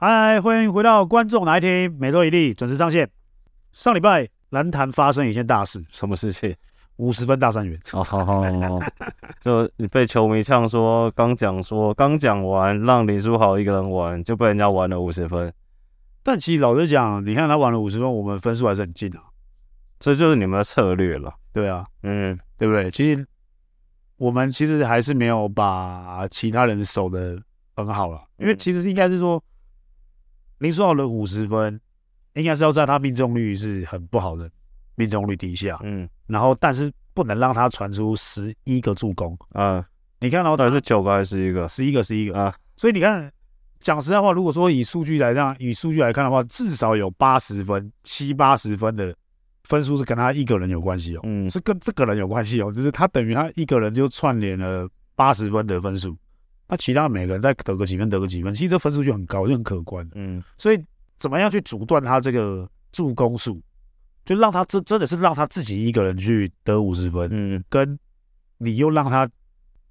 嗨，歡迎回到觀眾哪愛看，每周一例準時上線。上禮拜籃壇發生一件大事，什麼事情？五十分大三元，哦好好，就你被球迷嗆說，剛講說剛講完，讓林書豪一個人玩，就被人家玩了五十分。但其實老實講，你看他玩了五十分，我們分數還是很近啊，這就是你們的策略了。對啊，嗯，嗯，對不對？其實我們其實還是沒有把其他人守得很好了、啊，因為其實應該是說。嗯林書豪的五十分，應該是要在他命中率是很不好的，命中率低下。嗯，然後但是不能讓他傳出十一個助攻。嗯，你看、哦、到底是九個還是十一個？十一個，十一個啊。嗯、所以你看，講實在話,話，如果說以數據來這以數據來看的話，至少有八十分，七八十分的分數是跟他一個人有關係哦。嗯，是跟這個人有關係哦，就是他等於他一個人就串聯了八十分的分數。那、啊、其他每個人再得個幾分，得個幾分，其實這分數就很高，就很可觀。嗯，所以怎麼樣去阻斷他這個助攻數，就讓他這真的是讓他自己一個人去得五十分。嗯，跟你又讓他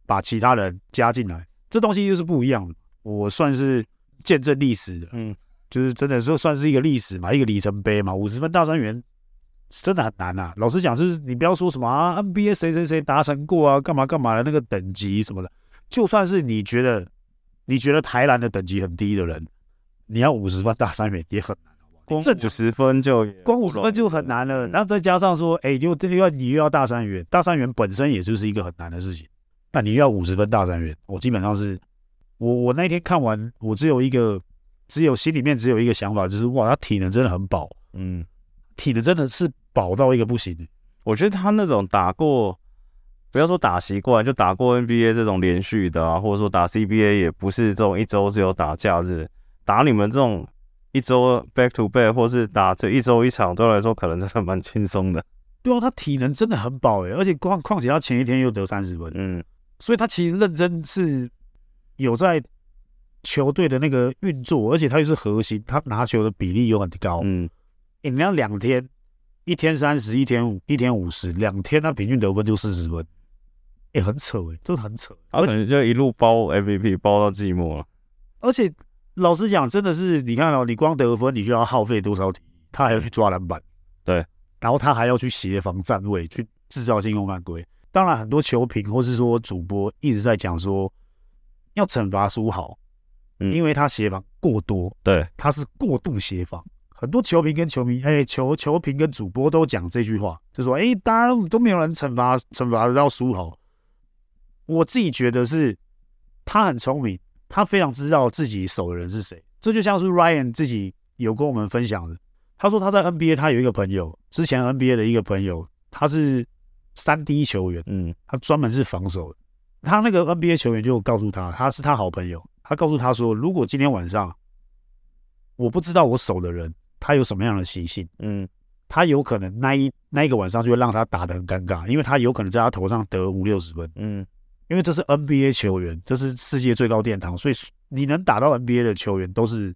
把其他人加進來，這東西就是不一樣的。我算是見證歷史的，嗯，就是真的就算是一個歷史嘛，一個里程碑嘛。五十分大三元是真的很難啊，老實講，就是你不要說什麼啊，NBA 誰誰誰達成過啊，幹嘛幹嘛的那個等級什麼的。就算是你覺得你覺得台南的等級很低的人，你要五十分大三元也很難，這光五十分就光五十分就很難了，然後再加上說，哎，又又要你又要大三元，大三元本身也就是一個很難的事情，那你又要五十分大三元，我基本上是，我我那天看完，我只有一個，只有心裡面只有一個想法，就是哇，他體能真的很飽，嗯，體能真的是飽到一個不行，我覺得他那種打過。不要說打習慣，就打過 NBA 這種連續的啊，或者說打 CBA 也不是這種一周只有打假日，打你們這種一周 back to back，或是打這一周一場，對我來說可能真的蠻輕鬆的。對啊，他體能真的很飽哎、欸，而且況況且他前一天又得三十分，嗯，所以他其實認真是有在球隊的那個運作，而且他又是核心，他拿球的比例又很高，嗯，哎、欸，你要兩天，一天三十，一天五，一天五十，兩天他平均得分就四十分。也、欸、很扯哎、欸，真的很扯。而且就一路包 MVP 包到寂寞了。而且老實講，真的是你看哦、喔，你光得分，你就要耗費多少體力？他還要去抓籃板，對。然後他還要去協防、站位、去制造進攻犯規。當然，很多球評或是說主播一直在講說，要懲罰書豪，因為他協防過多。對，他是過度協防。很多球評跟球迷，哎，球球評跟主播都講這句話，就說：哎，大家都都沒有人懲罰懲罰得到書豪。我自己覺得是，他很聰明，他非常知道自己守的人是誰。這就像是 Ryan 自己有跟我們分享的，他說他在 NBA 他有一個朋友，之前 NBA 的一個朋友，他是三 D 球員，嗯，他專門是防守的。嗯，他那個 NBA 球員就告訴他，他是他好朋友，他告訴他說，如果今天晚上我不知道我守的人他有什麼樣的習性，嗯，他有可能那一那一個晚上就會讓他打得很尷尬，因為他有可能在他頭上得五六十分，嗯。因為這是 NBA 球員，這是世界最高殿堂，所以你能打到 NBA 的球員都是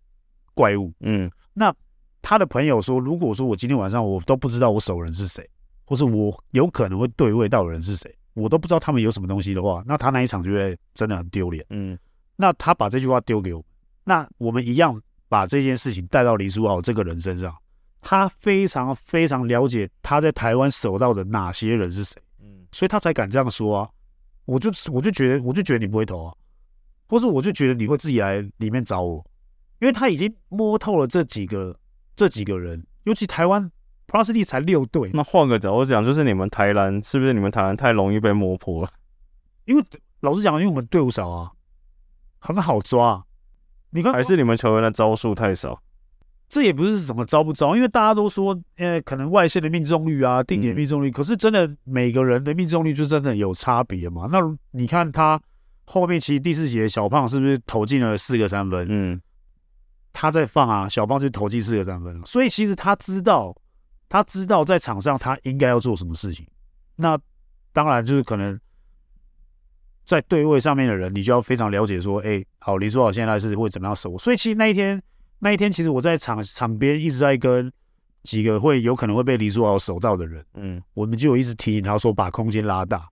怪物。嗯，那他的朋友說，如果說我今天晚上我都不知道我守人是誰，或是我有可能會對位到的人是誰，我都不知道他們有什麼東西的話，那他那一場就會真的很丟臉。嗯，那他把這句話丟給我，那我們一樣把這件事情帶到林書豪這個人身上。他非常非常了解他在台灣守到的哪些人是誰，嗯，所以他才敢這樣說啊。我就我就覺得我就覺得你不會投啊，或是我就覺得你會自己來裡面找我，因為他已經摸透了這幾個這幾個人，尤其台灣 Plus D 才六隊。那換個角度講，就是你們台灣是不是你們台灣太容易被摸破了？因為老實講，因為我們隊伍少啊，很好抓。你看，還是你們球員的招數太少。這也不是什麼招不招，因為大家都說，呃，可能外線的命中率啊，定點命中率，嗯、可是真的每個人的命中率就真的有差別嘛？那你看他後面其實第四節小胖是不是投進了四個三分？嗯，他在放啊，小胖就投進四個三分了。所以其實他知道，他知道在場上他應該要做什麼事情。那當然就是可能在對位上面的人，你就要非常了解說，哎，好，林書豪現在是會怎麼樣守？所以其實那一天。那一天，其實我在場場邊一直在跟幾個會有可能會被林書豪守到的人，嗯，我們就有一直提醒他說，把空間拉大，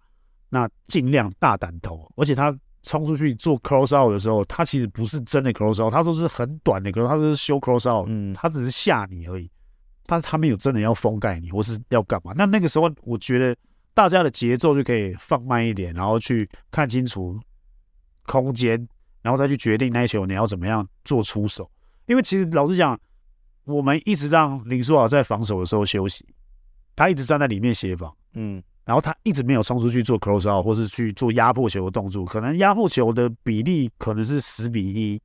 那盡量大膽投，而且他衝出去做 close out 的時候，他其實不是真的 close out，他說是很短的 close，他說是修 close out，嗯，他只是嚇你而已，但是他們有真的要封蓋你或是要幹嘛？那那個時候我覺得大家的節奏就可以放慢一點，然後去看清楚空間，然後再去決定那一球你要怎麼樣做出手。因為其實老實講，我們一直讓林書豪在防守的時候休息，他一直站在裡面協防，嗯，然後他一直沒有衝出去做 close out，或是去做壓迫球的動作，可能壓迫球的比例可能是十比一。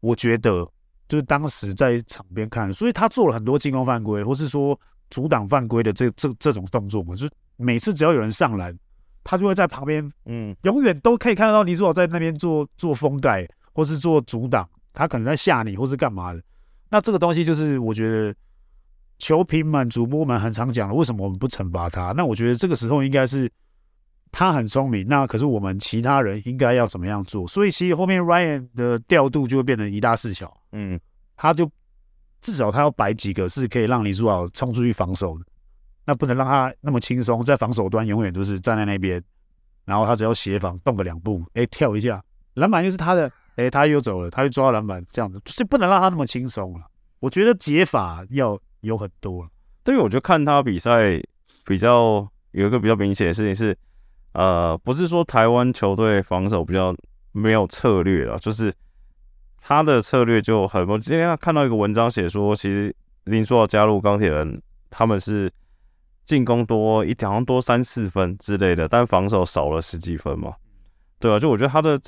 我覺得就是當時在場邊看，所以他做了很多進攻犯規，或是說阻擋犯規的這這這種動作嘛，就每次只要有人上籃，他就會在旁邊，嗯，永遠都可以看得到林書豪在那邊做做封蓋或是做阻擋。他可能在嚇你，或是幹嘛的？那這個東西就是我覺得，球評們、主播們很常講的，為什麼我們不懲罰他？那我覺得這個時候應該是他很聰明。那可是我們其他人應該要怎麼樣做？所以其實後面 Ryan 的調度就會變成一大四小。嗯，他就至少他要擺幾個是可以讓林書豪衝出去防守的。那不能讓他那麼輕鬆，在防守端永遠都是站在那邊，然後他只要協防動個兩步，哎、欸，跳一下，籃板就是他的。哎、欸，他又走了，他又抓籃板，這樣子就是，不能讓他那麼輕鬆了。我覺得解法要有很多，啊、對於我就看他比賽比較有一個比較明顯的事情是，呃，不是說台灣球隊防守比較沒有策略啊，就是他的策略就很多。今天看到一個文章寫說，其實林書豪加入鋼鐵人，他們是進攻多一好像多三四分之類的，但防守少了十幾分嘛，對啊，就我覺得他的。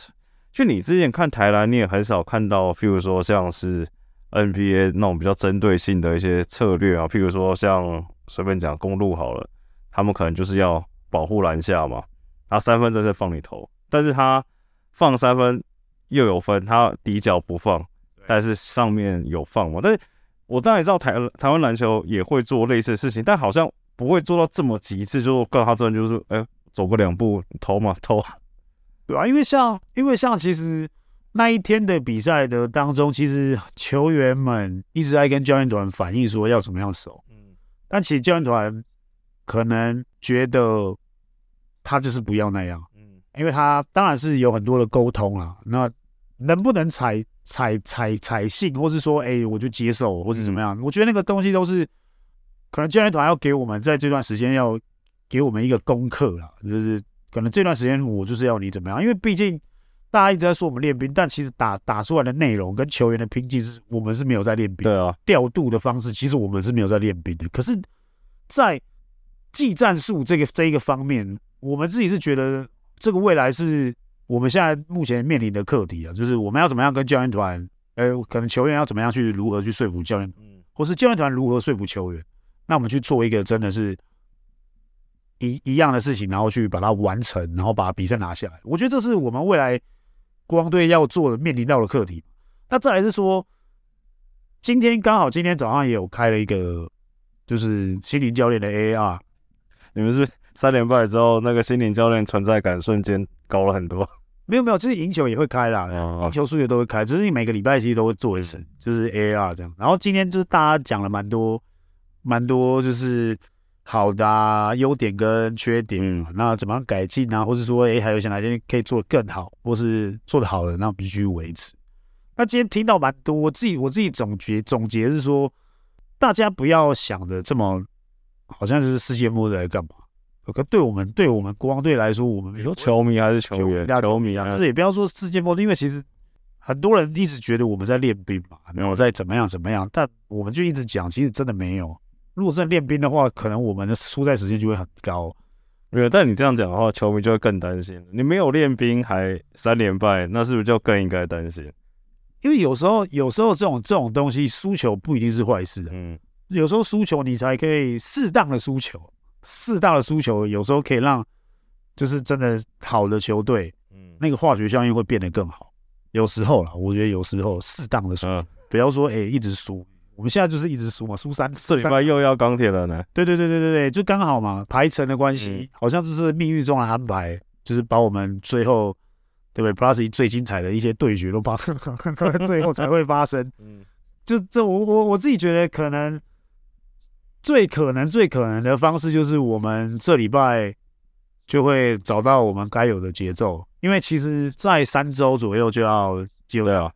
就你之前看台籃，你也很少看到，譬如說像是 NBA 那種比較針對性的一些策略啊，譬如說像隨便講公路好了，他們可能就是要保護籃下嘛，他三分在這放你投，但是他放三分又有分，他底角不放，但是上面有放嘛。但是我當然也知道台台灣籃球也會做類似的事情，但好像不會做到這麼極致，就告訴他真的就是，哎、欸，走個兩步投嘛投。對啊，因為像因為像其實那一天的比賽的當中，其實球員們一直在跟教練團反映說要怎麼樣守。嗯，但其實教練團可能覺得他就是不要那樣，嗯，因為他當然是有很多的溝通啦，那能不能採採採採信，或是說哎、欸、我就接受或者怎麼樣？嗯、我覺得那個東西都是可能教練團要給我們在這段時間要給我們一個功課了，就是。可能這段時間我就是要你怎麼樣，因為畢竟大家一直在說我們練兵，但其實打打出來的內容跟球員的拼勁是我們是沒有在練兵的，對啊，調度的方式其實我們是沒有在練兵的。可是，在技戰術這個這一個方面，我們自己是覺得這個未來是我們現在目前面臨的課題啊，就是我們要怎麼樣跟教練團，哎、呃，可能球員要怎麼樣去如何去說服教練，嗯、或是教練團如何說服球員，那我們去做一個真的是。一一樣的事情，然後去把它完成，然後把比賽拿下來。我覺得這是我們未來國王隊要做的、面臨到的課題。那再來是說，今天剛好今天早上也有開了一個，就是心靈教練的 A R。你們是不是三連敗之後，那個心靈教練存在感瞬間高了很多。沒有沒有，其實贏球也會開啦，贏、哦哦、球輸球都會開，只、就是你每個禮拜其實都會做一次，就是 A R 這樣。然後今天就是大家講了蠻多，蠻多就是。好的優、啊、點跟缺點，嗯、那怎麼樣改進啊？或是說，哎、欸，還有哪些可以做得更好，或是做的好的，那必須維持。那今天聽到蠻多，我自己我自己總結總結是說，大家不要想的這麼，好像就是世界末日幹嘛？可對我們對我們國王隊來說，我們你說球迷還是球員？球迷啊，就是也不要說世界末日，因為其實很多人一直覺得我們在練兵嘛，沒有然後在怎麼樣怎麼樣，但我們就一直講，其實真的沒有。如果在練兵的話，可能我們的出賽時間就會很高。沒有，但你這樣講的話，球迷就會更擔心。你沒有練兵還三連敗，那是不是就更應該擔心？因為有時候，有時候這種這種東西輸球不一定是壞事的。嗯，有時候輸球你才可以適當的輸球，適當的輸球有時候可以讓就是真的好的球隊，嗯，那個化學效應會，會變得更好。有時候啦，我覺得有時候適當的輸球，不要、嗯、說哎、欸、一直輸。我們現在就是一直輸嘛，輸三次。禮拜又要鋼鐵了呢，對對對對對對，就剛好嘛，排程的關係，嗯、好像就是命運中的安排，就是把我們最後對不對 Plus 最精彩的一些對決都把呵呵呵最後才會發生， 嗯，就這我我我自己覺得可能最可能最可能的方式就是我們這禮拜就會找到我們該有的節奏，因為其實在三周左右就要就對了。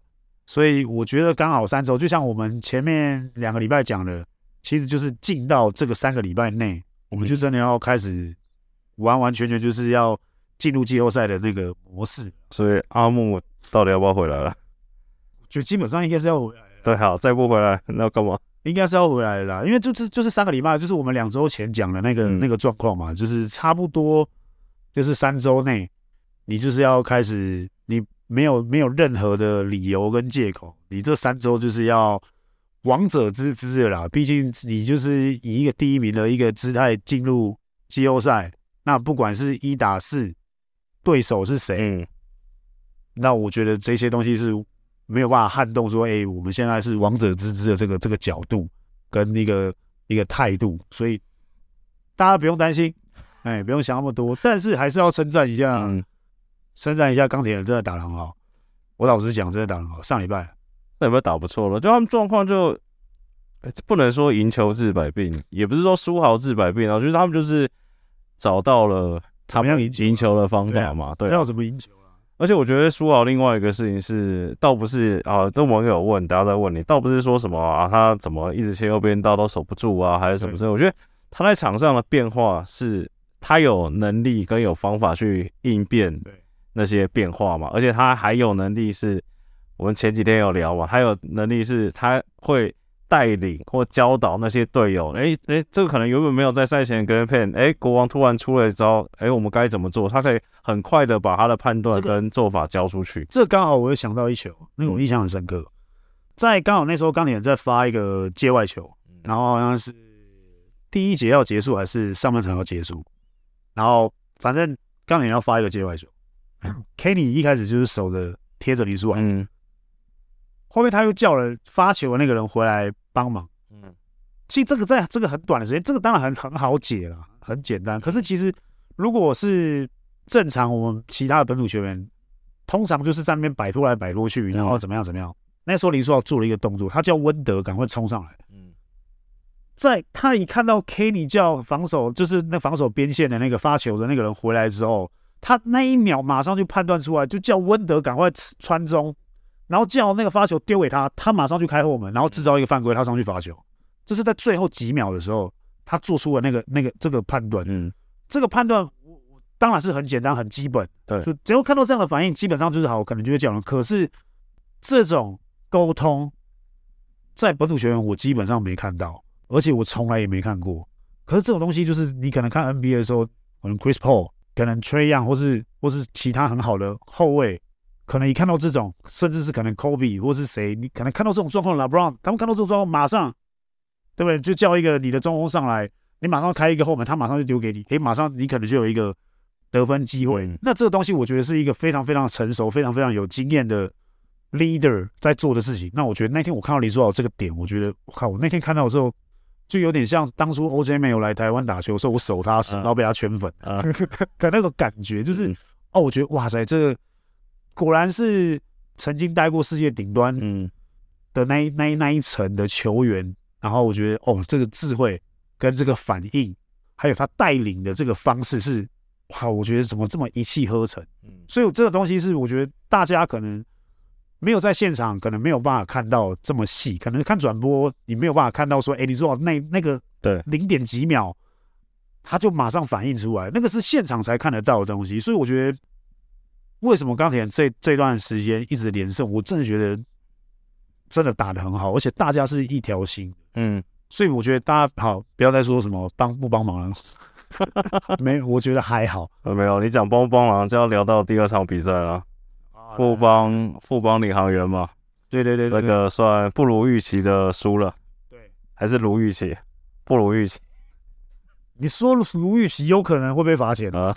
所以我覺得剛好三周，就像我們前面兩個禮拜講的，其實就是進到這個三個禮拜內，我們就真的要開始完完全全就是要進入季後賽的那個模式。所以阿木到底要不要回來了？就基本上應該是要回來了。對，好，再不回來那幹嘛？應該是要回來了，因為就是就是三個禮拜，就是我們兩周前講的那個、嗯、那個狀況嘛，就是差不多就是三周內，你就是要開始你。沒有沒有任何的理由跟借口，你這三周就是要王者之姿的啦，畢竟你就是以一個第一名的一個姿態進入季後賽，那不管是一打四對手是誰，嗯、那我覺得這些東西是沒有辦法撼動。說，哎，我們現在是王者之姿的這個這個角度跟那個一個態度，所以大家不用擔心，哎，不用想那麼多。但是還是要稱讚一下。嗯稱讚一下鋼鐵人，真的打的很好。我老實講，真的打很好。上禮拜那有沒有打不錯了？就他們狀況，就、欸、不能說贏球治百病，也不是說書豪治百病，啊。我覺得他們就是找到了他們贏球的方法嘛。對，要怎麼贏球啊？而且我覺得書豪另外一個事情是，倒不是啊，這網友問，大家在問你，倒不是說什麼啊，啊他怎麼一直切右邊刀都守不住啊，還是什麼之類。對我覺得他在場上的變化是，他有能力跟有方法去應變。對。那些變化嘛，而且他還有能力是，我們前幾天有聊嘛，他有能力是，他會帶領或教導那些隊友。哎、欸、哎、欸，這個可能原本沒有在賽前跟人騙，哎，國王突然出了一招，哎、欸，我們該怎麼做？他可以很快的把他的判斷跟做法交出去。這個、這個、剛好我又想到一球，那個我印象很深刻，在剛好那時候，鋼鐵在發一個界外球，然後好像是第一節要結束還是上半場要結束，然後反正鋼鐵要發一個界外球。 Kenny 一開始就是守着、貼着林書豪，嗯，後面他又叫了發球的那個人回來幫忙，嗯，其實這個在這個很短的時間，這個當然很很好解了，很簡單。可是其實如果是正常，我們其他的本土球員，通常就是在那邊擺脫來擺脫去，然後怎麼樣怎麼樣。那時候林書豪做了一個動作，他叫溫德趕快衝上來，嗯，在他一看到 Kenny 叫防守，就是那防守邊線的那個發球的那個人回來之後。他那一秒馬上就判斷出來，就叫溫德趕快穿中，然後叫那個發球丟給他，他馬上就開後門，然後製造一個犯規，他上去罰球。這是在最後幾秒的時候，他做出了那個那個這個判斷。嗯，這個判斷我，我當然是很簡單、很基本。對，就只要看到這樣的反應，基本上就是好，我可能就會講了。可是這種溝通，在本土球員我基本上沒看到，而且我從來也沒看過。可是這種東西就是你可能看 NBA 的時候，可能 Chris Paul。可能 Trae Young 或是或是其他很好的後衛，可能一看到這種，甚至是可能 Kobe 或是誰，你可能看到這種狀況，LeBron 他們看到這種狀況，馬上，對不對？就叫一個你的中鋒上來，你馬上開一個後門，他馬上就丟給你，誒，馬上你可能就有一個得分機會。嗯、那這個東西，我覺得是一個非常非常成熟、非常非常有經驗的 leader 在做的事情。那我覺得那天我看到你說好這個點，我覺得我靠，我那天看到的時候。就有點像當初 OJ 沒有來台灣打球的時候，我守他時，然後被他圈粉啊，那個感覺就是哦，我覺得哇塞，這個果然是曾經待過世界頂端嗯的那一那一那一層的球員。然後我覺得哦，這個智慧跟這個反應，還有他帶領的這個方式是哇，我覺得怎麼這麼一氣呵成？嗯，所以這個東西是我覺得大家可能，沒有在現場，可能沒有辦法看到這麼細。可能看轉播，你沒有辦法看到說，哎，你說那那個，對，零點幾秒，對他就馬上反應出來，那個是現場才看得到的東西。所以我覺得，為什麼鋼鐵人這這段時間一直連勝，我真的覺得真的打得很好，而且大家是一條心。嗯，所以我覺得大家好，不要再說什麼幫不幫忙了。 沒，我覺得還好。沒有，你講幫不幫忙就要聊到第二場比賽了。富邦，富邦領航員嘛，對對，對對對，這個算不如預期的輸了，對，還是如預期，不如預期。你說如預期，有可能會被罰錢啊？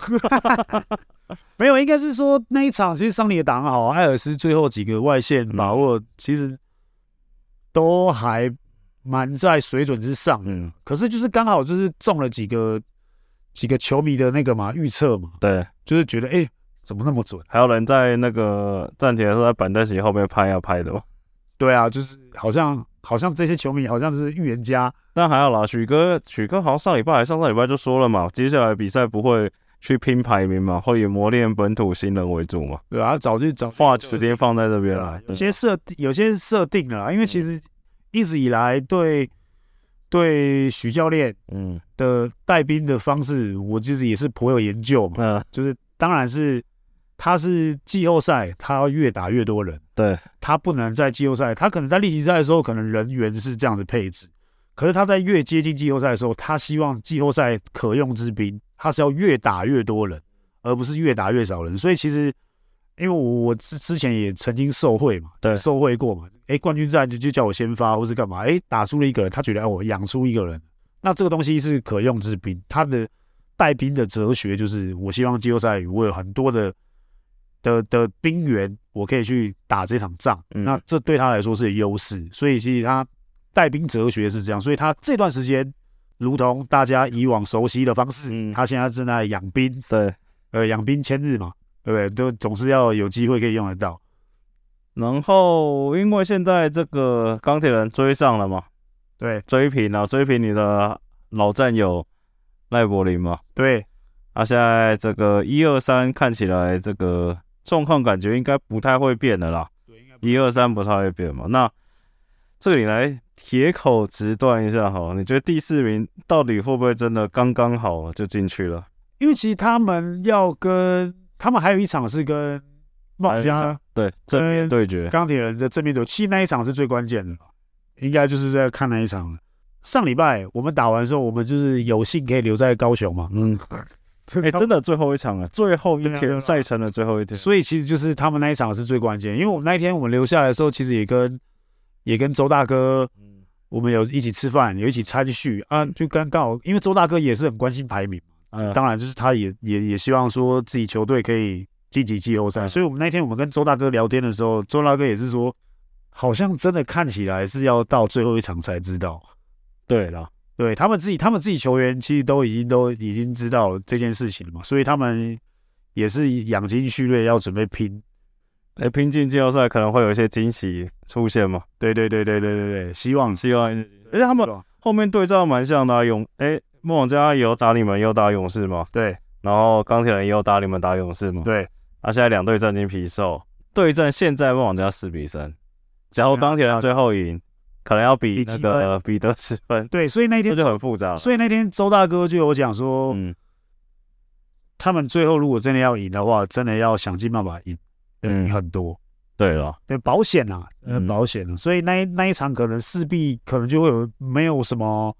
呃、 沒有，應該是說那一場其實桑尼的打很好，艾爾斯最後幾個外線把握其實都還蠻在水準之上的，嗯、可是就是剛好就是中了幾個幾個球迷的那個嘛預測嘛，對，就是覺得哎。欸怎麼那麼準？還有人在那個暫停的時候，在板凳席後面拍要、啊、拍的嗎？對啊，就是好像好像這些球迷好像是預言家。但還有啦，許哥許哥好像上禮拜還上上禮拜就說了嘛，接下來比賽不會去拼排名嘛，會以磨練本土新人為主嘛。對啊，早就早花時間放在這邊了、啊。有些設吧有些設定了啦，因為其實一直以來對對許教練嗯的帶兵的方式，我其實也是頗有研究嘛。嗯，就是當然是。他是季後賽，他要越打越多人，對，他不能在季後賽，他可能在例行賽的時候可能人員是這樣的配置，可是他在越接近季後賽的時候，他希望季後賽可用之兵，他是要越打越多人，而不是越打越少人。所以其實，因為我我之之前也曾經受惠嘛，對，受惠過嘛，哎，冠軍戰就就叫我先發或是幹嘛，哎，打出了一個人，他覺得哎我養出一個人，那這個東西是可用之兵，他的帶兵的哲學就是我希望季後賽我有很多的。的的兵員，我可以去打這場仗，嗯、那這對他來說是有優勢，所以其實他帶兵哲學是這樣，所以他這段時間，如同大家以往熟悉的方式，嗯、他現在正在養兵，對，呃，養兵千日嘛，對不對？都總是要有機會可以用得到。然後因為現在這個鋼鐵人追上了嘛，對，追平了，啊，追平你的老戰友賴柏林嘛，對，他，啊，現在這個一二三看起來這個。狀況感覺應該不太會變的啦，一二三不太會變嘛。那這裡來鐵口直斷一下好，你覺得第四名到底會不會真的剛剛好就進去了？因為其實他們要跟他們還有一場是跟冒家對正面對決鋼鐵人的正面對，其實那一場是最關鍵的。應該就是在看那一場了。上禮拜我們打完之後，我們就是有幸可以留在高雄嘛。嗯。哎、欸，真的最後一場了，最後一天賽程的，嗯嗯嗯，最後一天，所以其實就是他們那一場是最關鍵。因為我們那一天我們留下來的時候，其實也跟也跟周大哥，我們有一起吃飯，有一起餐敘啊，嗯，就剛剛好，因為周大哥也是很關心排名嘛，嗯，當然就是他也也也希望說自己球隊可以晉級季後賽。嗯，所以我們那天我們跟周大哥聊天的時候，周大哥也是說，好像真的看起來是要到最後一場才知道，對了。對他們自己，他們自己球員其實都已經都已經知道這件事情了嘛，所以他們也是養精蓄銳，要準備拼，哎，拼進季後賽可能會有一些驚喜出現嘛。對對對對對對對，希望希望。而且他們後面對戰蠻像的，啊，勇、哎，夢想家也有打你們也有打勇士嘛，對。然後鋼鐵人也有打你們打勇士嘛，對。那、啊、現在兩隊戰軍皮獸對戰，現在夢想家四比三，假如鋼鐵人最後贏。可能要比那的、個、比得、呃、十分，對，所以那一天就，就很複雜。所以那天周大哥就有講說，嗯、他們最後如果真的要贏的話，真的要想盡辦法贏，呃、嗯，很多，對了，對保險啊，嗯，保險、啊。所以那一那一場可能勢必可能就會有沒有什麼，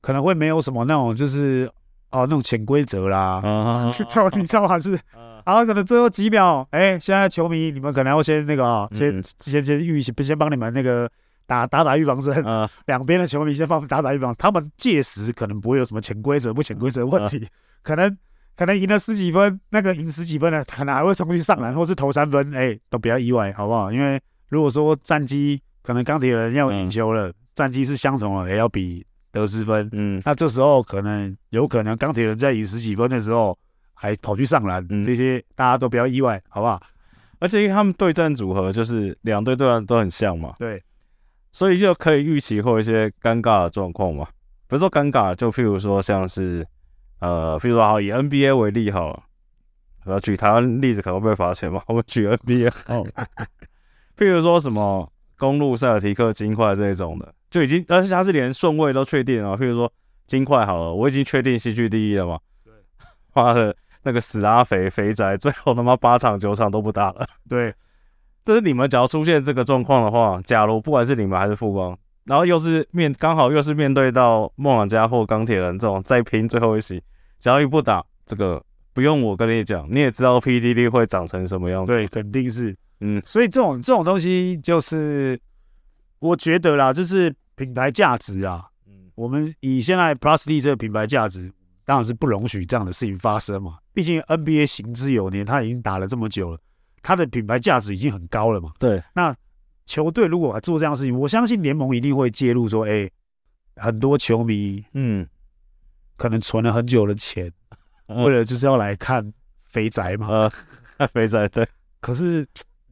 可能會沒有什麼那種就是哦、啊、那種潛規則啦、uh huh. 你。你知道還是，然、啊、後可能最後幾秒，哎、欸，現在球迷你們可能要先那個啊，先、嗯、先先預先先幫你們那個。打打打預防針，兩邊的球迷先放打打預防，呃、他們屆時可能不會有什麼潛規則不潛規則問題，呃、可能可能贏了十幾分，那個贏十幾分的可能還會重新上籃或是投三分，哎、欸，都不要意外，好不好？因為如果說戰績，可能鋼鐵人要贏球了，嗯、戰績是相同了，也要比得失分，嗯，那這時候可能有可能鋼鐵人在贏十幾分的時候還跑去上籃，這些大家都不要意外，好不好？而且他們對戰組合就是兩隊對戰、啊、都很像嘛，對。所以就可以預期或一些尷尬的狀況嘛，不是說尷尬，就譬如說像是，呃，譬如說以 NBA 為例好了，哈，我要舉台灣例子，可能會被罰錢嘛，我們舉 NBA，哈、哦，譬 如說什麼公鹿塞爾提克金塊這一種的，就已經，而且他是連順位都確定了，譬如說金塊，好了，我已經確定西區第一了嘛，對，媽的，那個死阿肥肥宅，最後他媽八場九場都不打了，對。就是你們，只要出現這個狀況的話，假如不管是你們還是富邦，然後又是面剛好又是面對到夢想家或鋼鐵人這種再拼最後一席，假如你不打這個，不用我跟你講，你也知道 PDD 會長成什麼樣子。對，肯定是。嗯，所以這種這種東西就是我覺得啦，就是品牌價值啊。嗯，我們以現在 Plus D 這個品牌價值，當然是不容許這樣的事情發生嘛。畢竟 NBA 行之有年，他已經打了這麼久了。他的品牌價值已經很高了嘛。對，那球隊如果還做這樣事情，我相信聯盟一定會介入，說：“哎，很多球迷，嗯，可能存了很久的錢，為了就是要來看肥宅嘛，肥宅對。可是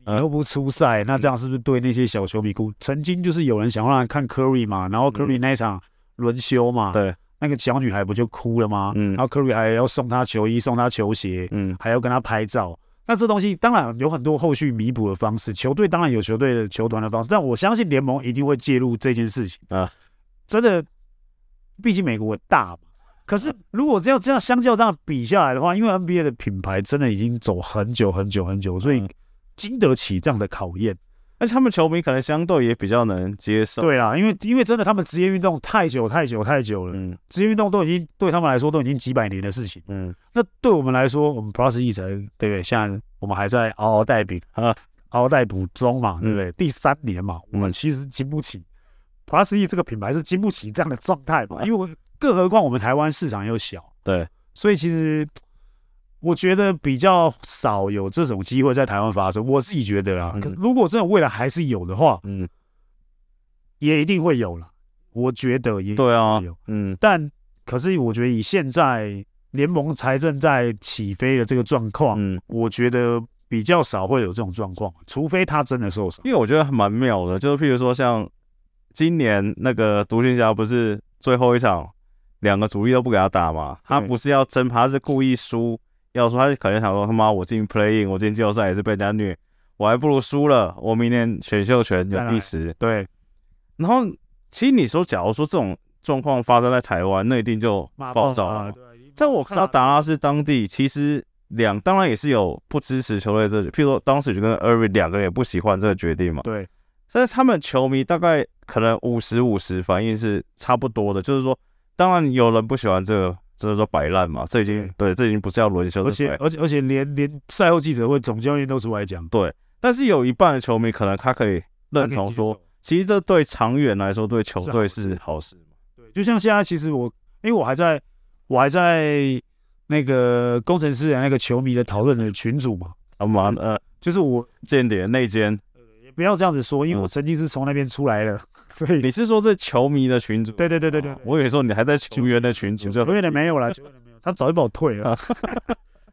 你又不出賽，那這樣是不是對那些小球迷哭？曾經就是有人想讓他看庫里嘛，然後庫里那一場輪休嘛，對，那個小女孩不就哭了嗎？嗯，然後庫里還要送她球衣，送她球鞋，嗯，還要跟她拍照。那這東西當然有很多後續彌補的方式，球隊當然有球隊的球團的方式，但我相信聯盟一定會介入這件事情啊！真的，畢竟美國大嘛。可是如果這樣這樣相較這樣比下來的話，因為 NBA 的品牌真的已經走很久很久很久，所以經得起這樣的考驗。而且他們球迷可能相對也比較能接受，對啦，因為因為真的他們職業運動太久太久太久了，嗯，職業運動都已經對他們來說都已經幾百年的事情，嗯，那對我們來說，我們 Plus 一成，對不對？像我們還在嗷嗷待哺啊，嗷嗷待哺中嘛，對不對？嗯、第三年嘛，我們其實經不起 Plus 一這個品牌是經不起這樣的狀態嘛，嗯、因為我更何況我們台灣市場又小，對，所以其實。我覺得比較少有這種機會在台灣發生，我自己覺得啦。嗯、可是如果真的未來還是有的話，嗯，也一定會有了。我覺得也對啊，有嗯。但可是我覺得以現在聯盟財政在起飛的這個狀況，嗯，我覺得比較少會有這種狀況，除非他真的受傷。因為我覺得還蠻妙的，就是譬如說像今年那個獨行俠不是最後一場，兩個主力都不給他打嘛，對他不是要爭，他是故意輸。要說他可能想說他媽，我進 play-in，我進季後賽也是被人家虐，我還不如輸了。我明年選秀權有第十。對。然後，其實你說，假如說這種狀況發生在台灣，那一定就爆炸了。啊、炸在但我看到達拉斯當地其實兩，當然也是有不支持球隊這，譬如說當時就跟 Irving 兩個人也不喜歡這個決定嘛。對。但是他們球迷大概可能五十五十反應是差不多的，就是說，當然有人不喜歡這個。只是說擺爛嘛，這已經對，這已經不是要輪休，而且而且對而且連連賽後記者會，總教練都是我來講，對，但是有一半的球迷可能他可以認同說，其實這對長遠來說對球隊是好事嘛。對，就像現在，其實我因為我還在，我還在那個工程師的那個球迷的討論的群組嘛，啊媽呃就是我間諜內奸。不要這樣子說，因為我曾經是從那邊出來的，所以你是說是球迷的群組？對對對對對，我以為說你還在球員的群組？球員的沒有了，球員的沒有，他早就把我退了。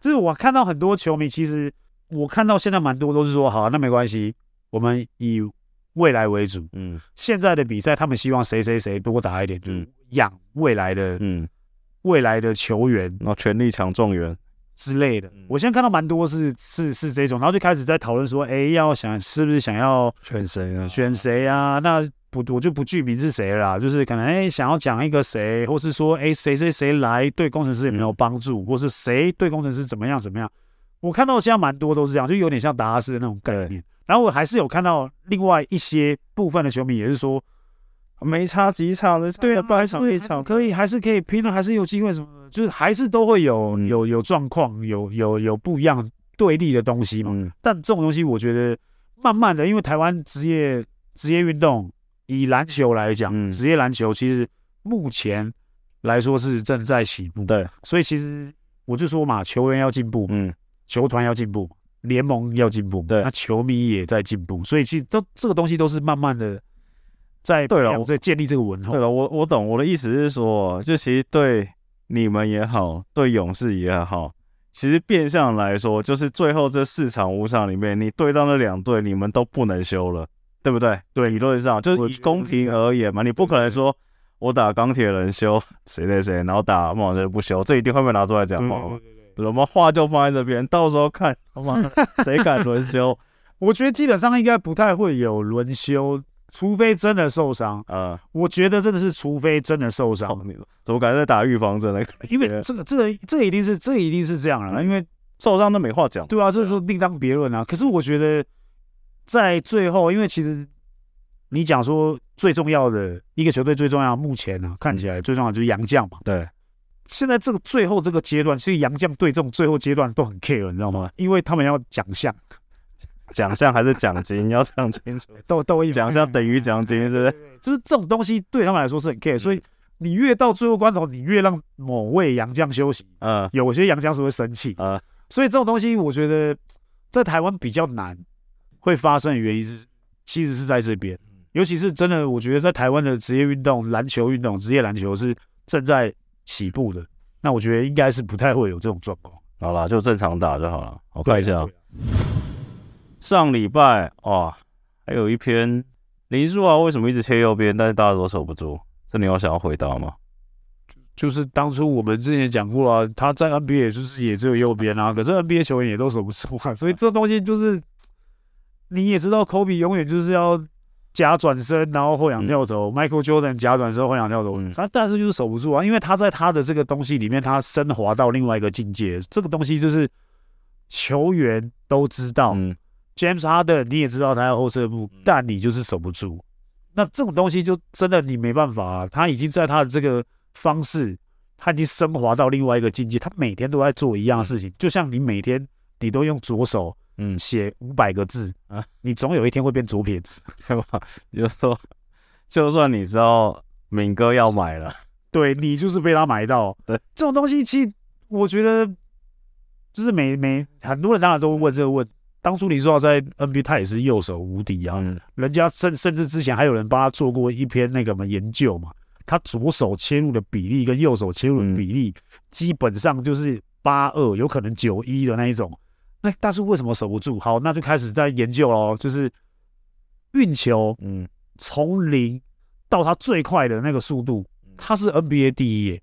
就是我看到很多球迷，其實我看到現在蠻多都是說，好，那沒關係，我們以未來為主。嗯，現在的比賽他們希望誰誰誰多打一點，就是養未來的，嗯，未來的球員，然後全力搶狀元。之類的，我現在看到蠻多是是是這種，然後就開始在討論說，哎、欸，要想是不是想要選誰啊？選誰啊？那不，我就不具名是誰了啦，就是可能哎、欸、想要講一個誰，或是說哎誰誰誰來對攻城獅有沒有幫助，嗯、或是誰對攻城獅怎麼樣怎麼樣？我看到現在蠻多都是這樣，就有點像達拉斯的那種概念。對然後我還是有看到另外一些部分的球迷也是說。沒差幾場的，差差對啊，啊不還是會可以還是可以，還是可以拼的還是有機會什麼的，就是還是都會有、嗯、有有狀況，有有有不一樣對立的東西嘛。嗯、但這種東西，我覺得慢慢的，因為台灣職業職業運動，以籃球來講，嗯、職業籃球其實目前來說是正在起步。對、嗯，所以其實我就說嘛，球員要進步，嗯，球團要進步，聯盟要進步，對、嗯，那球迷也在進步，所以其實都這個東西都是慢慢的。在對了，我在建立這個文化。對了，我我懂，我的意思是說，就其實對你們也好，對勇士也好，其實變相來說，就是最後這四場五場裡面，你對到那兩隊，你們都不能休了，對不對？對，理論上，就是以公平而言嘛，你不可能說我打鋼鐵人休誰誰誰，然後打某些人不休，這一定會被拿出來講話。對對對對對。我們話就放在這邊，到時候看好嗎？誰敢輪休？ 我覺得基本上應該不太會有輪休。除非真的受傷、呃、我覺得真的是除非真的受傷，啊、怎麼敢在打預防針呢？因為這個、這個、這個、一定是、這個、一定是這樣了。嗯、因為受傷都沒話講，對啊，這、就是說另當別論啊。嗯、可是我覺得在最後，因為其實你講說最重要的一個球隊，最重要的目前呢、啊，嗯、看起來最重要的就是洋將嘛。嗯、對，現在這個最後這個階段，其實洋將對這種最後階段都很 care，你知道嗎？嗯、因為他們要獎項。獎項還是獎金，你要講清楚。都都講獎項等於獎金，是不是？ 就是這種東西對他們來說是很 care，所以你越到最後關頭，你越讓某位洋將休息。嗯、呃，有些洋將是會生氣。奇、呃？嗯，所以這種東西，我覺得在台灣比較難會發生的原因是，其實是在這邊，尤其是真的，我覺得在台灣的職業運動，籃球運動，職業籃球是正在起步的，那我覺得應該是不太會有這種狀況。好了，就正常打就好了。我看一下。對對對，上禮拜哇，還有一篇林書豪為什麼一直切右邊，但是大家都守不住，這你有想要回答嗎？就是當初我們之前講過啊，他在 NBA 也就是也只有右邊啊，可是 NBA 球員也都守不住啊，所以這東西就是你也知道，科比永遠就是要假轉身，然後後仰跳投、嗯、，Michael Jordan 假轉身後仰跳投，他、嗯、但是就是守不住啊，因為他在他的這個東西裡面，他升華到另外一個境界，這個東西就是球員都知道。嗯 James Harden，你也知道他要後撤步，但你就是守不住。那這種東西就真的你沒辦法啊。他已經在他的這個方式，他已經升華到另外一個境界。他每天都在做一樣的事情，就像你每天你都用左手，嗯，寫五百個字啊，你總有一天會變左撇子，對吧？就說，就算你知道敏哥要買了，對你就是被他買到。對，這種東西其實我覺得就是沒沒很多人當然都會問這個問。當初你說在 NBA 他也是右手無敵啊，嗯、人家甚甚至之前還有人幫他做過一篇那個什麼研究嘛，他左手切入的比例跟右手切入的比例基本上就是八二，有可能九一的那一種。那但是為什麼守不住？好，那就開始在研究哦，就是運球，嗯，從零到他最快的那個速度，他是 NBA 第一耶，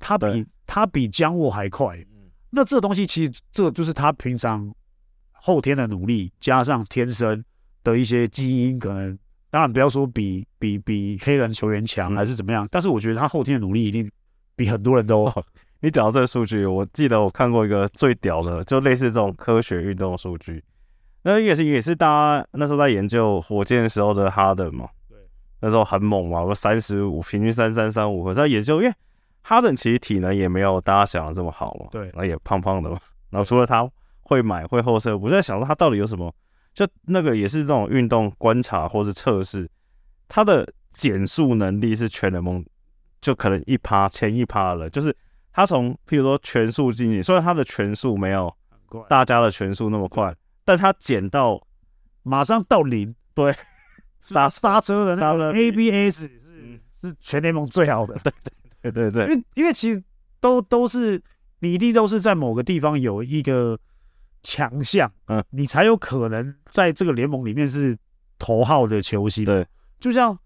他比他比江沃還快。那這東西其實這就是他平常。後天的努力加上天生的一些基因，可能當然不要說比比比黑人球員強、嗯、還是怎麼樣，但是我覺得他後天的努力一定比很多人都好、哦。你講到這個數據，我記得我看過一個最屌的，就類似這種科學運動的數據。那也是也是大家那時候在研究火箭時候的哈登嘛。對，那時候很猛嘛，我說三十五平均三三三五我在研究，因為哈登其實體能也沒有大家想的這麼好嘛，對，那也胖胖的嘛。然後除了他。會買會後撤，我在想說他到底有什麼？就那個也是這種運動觀察或是測試，他的減速能力是全聯盟就可能一趴前一趴了。就是他從，譬如說全速進去，雖然他的全速沒有大家的全速那麼快，但他減到馬上到零，對，剎剎是車的那個 ABS 是是全聯盟最好的， 對對對對對，因為因為其實都都是你一定都是在某個地方有一個。強項，嗯，你才有可能在這個聯盟裡面是頭號的球星的。對，就，就像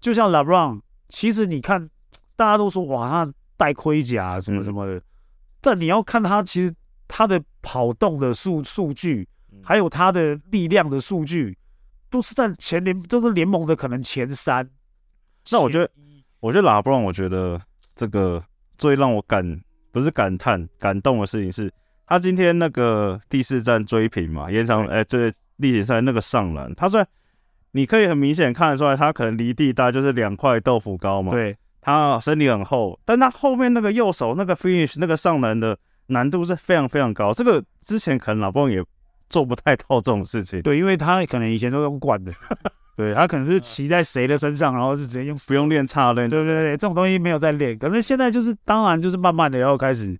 就像拉布朗，其實你看，大家都說哇他戴盔甲什麼什麼的，嗯、但你要看他其實他的跑動的數數據，還有他的力量的數據，都是在前聯都是聯盟的可能前三。前那我覺得，我覺得拉布朗，我覺得這個最讓我感不是感嘆感動的事情是。他今天那個第四站追平嘛，延長哎，對、欸，對，例行賽那個上籃，他說你可以很明顯看得出來，他可能離地大概就是兩塊豆腐高嘛。對，他身體很厚，但他後面那個右手那個 finish 那個上籃的難度是非常非常高。這個之前可能老鳳也做不太到這種事情。對，因為他可能以前都用慣的，呵呵對，他可能是騎在誰的身上，嗯、然後是直接用不用練叉練，對對對，這種東西沒有在練，可是現在就是當然就是慢慢的要開始。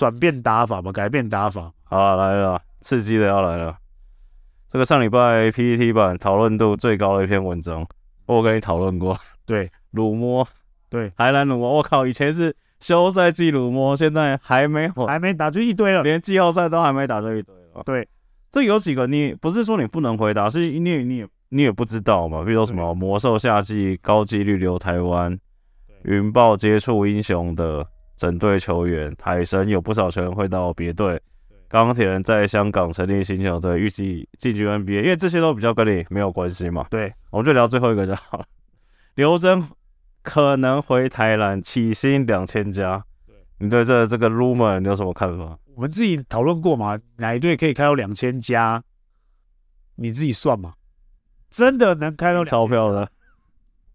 轉變打法嘛，改變打法。好，來了，刺激的要來了。這個上禮拜 PTT 版討論度最高的一篇文章，我跟你討論過。對，乳摸魔。對，海南乳摸。我靠，以前是休賽季乳摸，現在還沒，還沒打出一堆了，連季後賽都還沒打出一堆對了。對，這有幾個你不是說你不能回答，是因為你你也你也不知道嘛。比如說什麼對魔獸夏季高幾率留台灣，雲豹對接觸英雄的。整隊球員，海神有不少球員會到別隊。鋼鐵對人在香港成立新球隊，預計進軍 NBA，因為這些都比較跟你沒有關係嘛。對，我們就聊最後一個就好了。劉錚對可能回台南起薪兩千加。對，你對這個、這個 rumor 你有什麼看法？我們自己討論過嘛，哪一隊可以開到兩千加？你自己算嘛，真的能開到鈔票的？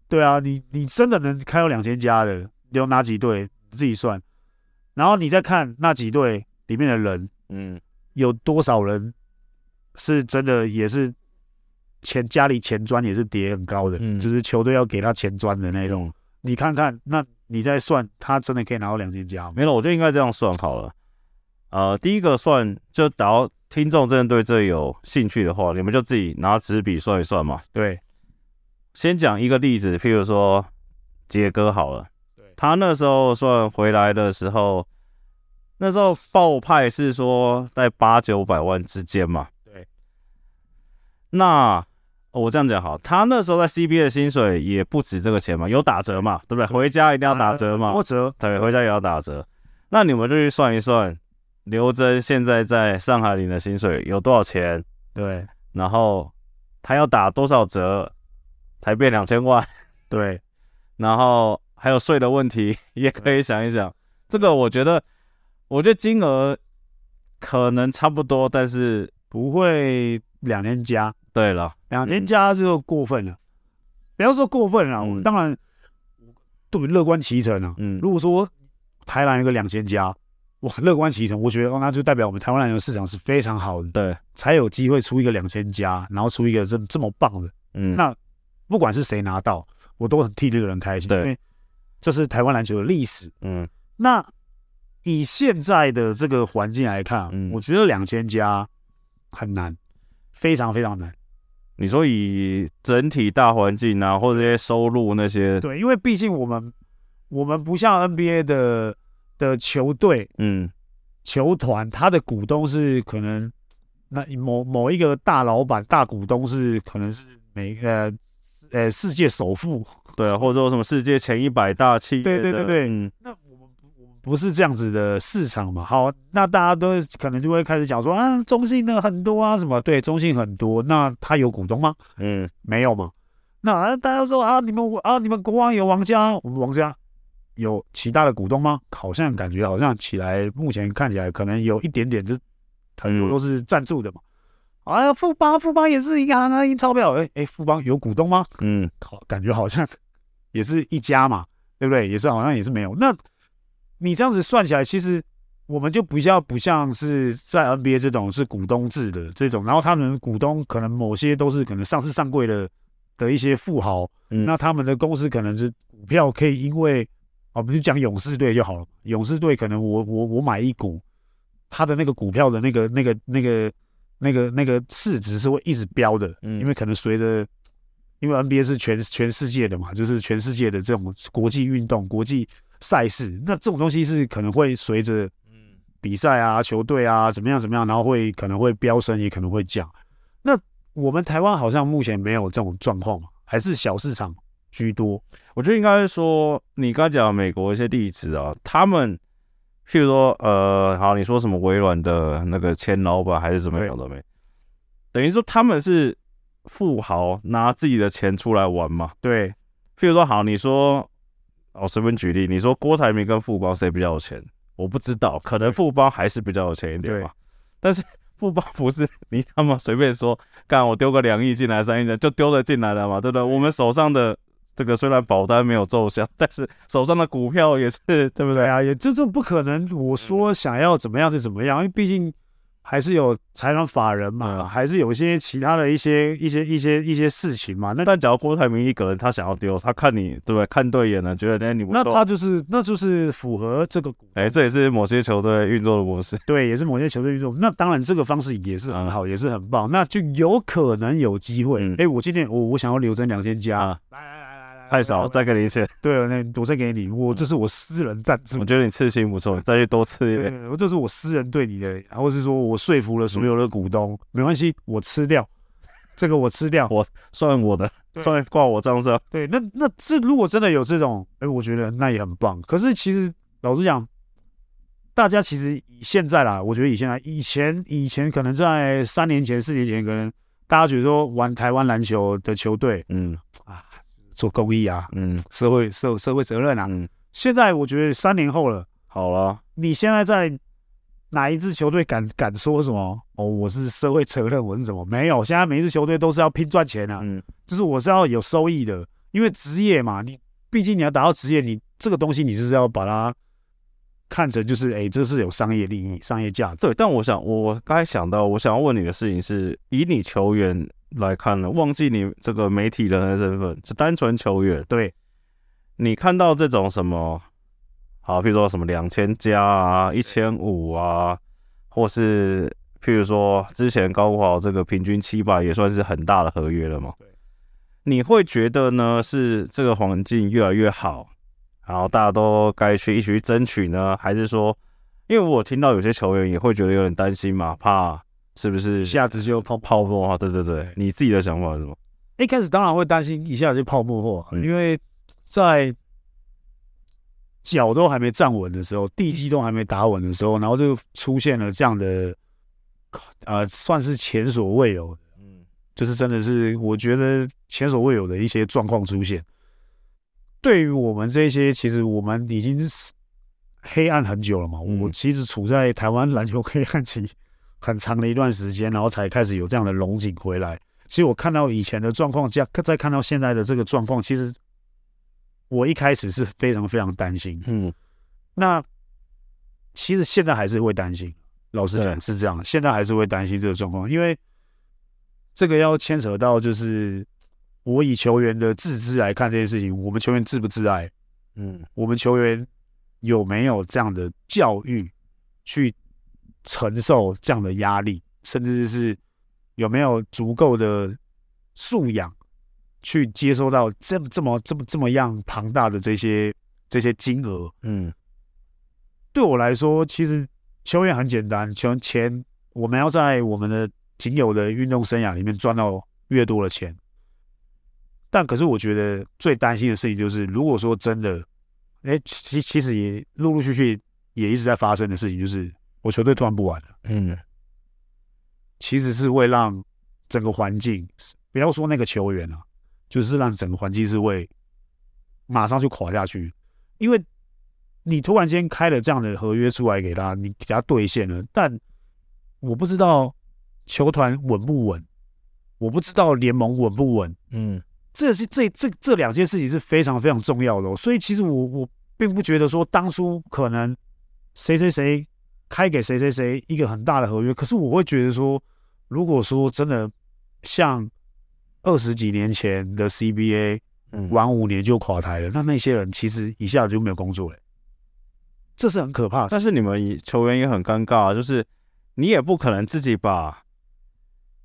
對啊，你你真的能開到兩千加的？有哪幾隊？自己算，然後你再看那幾隊裡面的人，嗯，有多少人是真的也是錢，家裡錢磚也是疊很高的，嗯，就是球隊要給他錢磚的那種。嗯，你看看，那你再算，他真的可以拿到兩千加。沒了，我就應該這樣算好了。呃，第一個算就導，聽眾真的對這有興趣的話，你們就自己拿紙筆算一算嘛。對，先講一個例子，譬如說傑哥好了。他那時候算回來的時候，那時候報派是說在八九百萬之間嘛，對。那、哦、我這樣講好，他那時候在 CBA 的薪水也不止這個錢嘛，有打折嘛，對不對？對，回家一定要打折嘛。折對，回家也要打折。對那你們就去算一算，劉錚現在在上海領的薪水有多少錢？對，然後他要打多少折才變兩千萬？ 對，然後。還有稅的問題，也可以想一想。這個我覺得，我覺得金額可能差不多，但是不會兩千加。對了，兩千加就過分了。嗯、不要說過分了，我、嗯、當然對樂觀其成啊。嗯，如果說台灣有個兩千加，哇，樂觀其成，我覺得那就代表我們台灣人的市場是非常好的，對，才有機會出一個兩千加，然後出一個這這麼棒的。嗯，那不管是誰拿到，我都很替這個人開心，因為對就是台灣籃球的歷史。嗯，那以現在的這個環境來看，嗯，我覺得兩千加很難，非常非常難。你說以整體大環境啊，或者這些收入那些？對，因為畢竟我們我們不像 NBA 的的球隊，嗯，球團，他的股東是可能那某某一個大老板，大股東是可能是每呃。呃、哎，世界首富，對、啊、或者說什麼世界前一百大企業 對，對對對對，嗯，那我們不不是這樣子的市場嘛。好、啊，那大家都可能就會開始講說啊，中信的很多啊，什麼對，中信很多。那他有股東嗎？嗯，沒有嘛。那大家說啊，你們啊，你們國王有王家，我們王家有其他的股東嗎？好像感覺好像起來，目前看起來可能有一點點，就很多都是贊助的嘛。嗯啊，富邦富邦也是銀行啊，印鈔票。哎哎，富邦有股東嗎？嗯，好，感覺好像也是一家嘛，對不對？也是好像也是沒有。那你這樣子算起來，其實我們就比較不像是在 NBA 這種是股東制的這種，然後他們股東可能某些都是可能上市上櫃的的一些富豪。嗯，那他們的公司可能是股票可以因為哦，我們就講勇士隊就好了。勇士隊可能我我我買一股他的那個股票的那個那個那個。那個那個那個市值是會一直飆的，嗯，因為可能隨着，因為 NBA 是全全世界的嘛，就是全世界的這種國際運動、國際賽事，那這種東西是可能會隨着比賽啊、球隊啊怎麼樣怎麼樣，然後會可能會飆升，也可能會降。那我們台灣好像目前沒有這種狀況嘛，還是小市場居多？我覺得應該說，你剛講美國一些例子啊，他們。譬如說，呃，好，你說什麼微軟的那個前老闆還是怎麼樣的對等於說他們是富豪拿自己的錢出來玩嘛？對。譬如說，好，你說，我、哦、隨便舉例，你說郭台銘跟富邦誰比較有錢？我不知道，可能富邦還是比較有錢一點嘛。對但是富邦不是你他媽隨便說，幹，我丟個兩億進來、三億的就丟了進來了嘛？對不對？對我們手上的。這個雖然保單沒有奏效，但是手上的股票也是對不對啊，也就這不可能。我說想要怎麼樣就怎麼樣，因為畢竟還是有財團法人嘛，嗯、還是有一些其他的一些一些一些一些事情嘛。那但假如郭台銘一個人他想要丟，他看你對不對，看對眼了，覺得哎，你不錯，那他就是，那就是符合這個股票。哎，這也是某些球隊運作的模式。對，也是某些球隊運作。那當然這個方式也是很好，嗯、也是很棒。那就有可能有機會。哎、嗯，欸，我今天我、哦、我想要留增兩千加來來。嗯太少，再給你一次。對，那我再給你，我、嗯、這是我私人贊助。我覺得你吃心不錯，再去多吃一點。這、就是我私人對你的，或是說我說服了所有的股東，嗯、沒關係，我吃掉，這個我吃掉，我算我的，對算掛我賬上。對，那那這如果真的有這種，哎、欸，我覺得那也很棒。可是其實老實講，大家其實以現在啦，我覺得以現在，以前以前可能在三年前、四年前，可能大家覺得說玩台灣籃球的球隊，嗯啊。做公益啊，嗯，社會社社會責任啊，嗯，現在我覺得三年後了，好了，你現在在哪一支球隊敢敢說什麼？哦，我是社會責任，我是什麼？沒有，現在每一支球隊都是要拼賺錢的，嗯，就是我是要有收益的，因為職業嘛，你畢竟你要達到職業，你這個東西你就是要把它看成就是，誒，這是有商業利益、商業價值。對，但我想，我剛才想到我想要問你的事情是，以你球員。來看了，忘記你這個媒體人的身份，是單純球員，對你看到這種什麼好，譬如說什麼兩千加啊，一千五啊，或是譬如說之前高國豪這個平均七百，也算是很大的合約了嘛。你會覺得呢，是這個環境越來越好，然後大家都該去一起去爭取呢，還是說，因為我聽到有些球員也會覺得有點擔心嘛，怕。是不是一下子就泡泡沫、啊、對對對，對 你自己的想法是什麼？一開始當然會擔心一下子就泡沫化、啊，嗯、因為在腳都還沒站穩的時候，地基都還沒打穩的時候，然後就出現了這樣的，呃，算是前所未有的，嗯，就是真的是我覺得前所未有的一些狀況出現。對於我們這些，其實我們已經是黑暗很久了嘛，嗯、我其實處在台灣籃球黑暗期。很長的一段時間，然後才開始有這樣的龍井回來。其實我看到以前的狀況，再再看到現在的這個狀況，其實我一開始是非常非常擔心。嗯，那其實現在還是會擔心。老實講是這樣的，對現在還是會擔心這個狀況，因為這個要牽扯到就是我以球員的自知來看這件事情，我們球員自不自愛？嗯，我們球員有沒有這樣的教育去？承受這樣的壓力，甚至是有沒有足夠的素養去接受到這麼這麼這麼這麼樣龐大的這些這些金額？嗯，對我來說，其實球員很簡單，求錢，我們要在我們的僅有的運動生涯裡面賺到越多的錢。但可是，我覺得最擔心的事情就是，如果說真的，哎、欸，其其實也陸陸續續也一直在發生的事情就是。我球隊突然不玩了，嗯，其實是會讓整個環境，不要說那個球員了，啊，就是讓整個環境是會馬上就垮下去，因為你突然間開了這樣的合約出來給他，你給他兌現了，但我不知道球團穩不穩，我不知道聯盟穩不穩，嗯，這是這這這兩件事情是非常非常重要的，哦，所以其實我我並不覺得說當初可能誰誰誰。開給誰誰誰一個很大的合約，可是我會覺得說，如果說真的像二十幾年前的 CBA，玩五年就垮台了，嗯、那那些人其實一下子就沒有工作了，這是很可怕。但是你們球員也很尷尬，啊，就是你也不可能自己把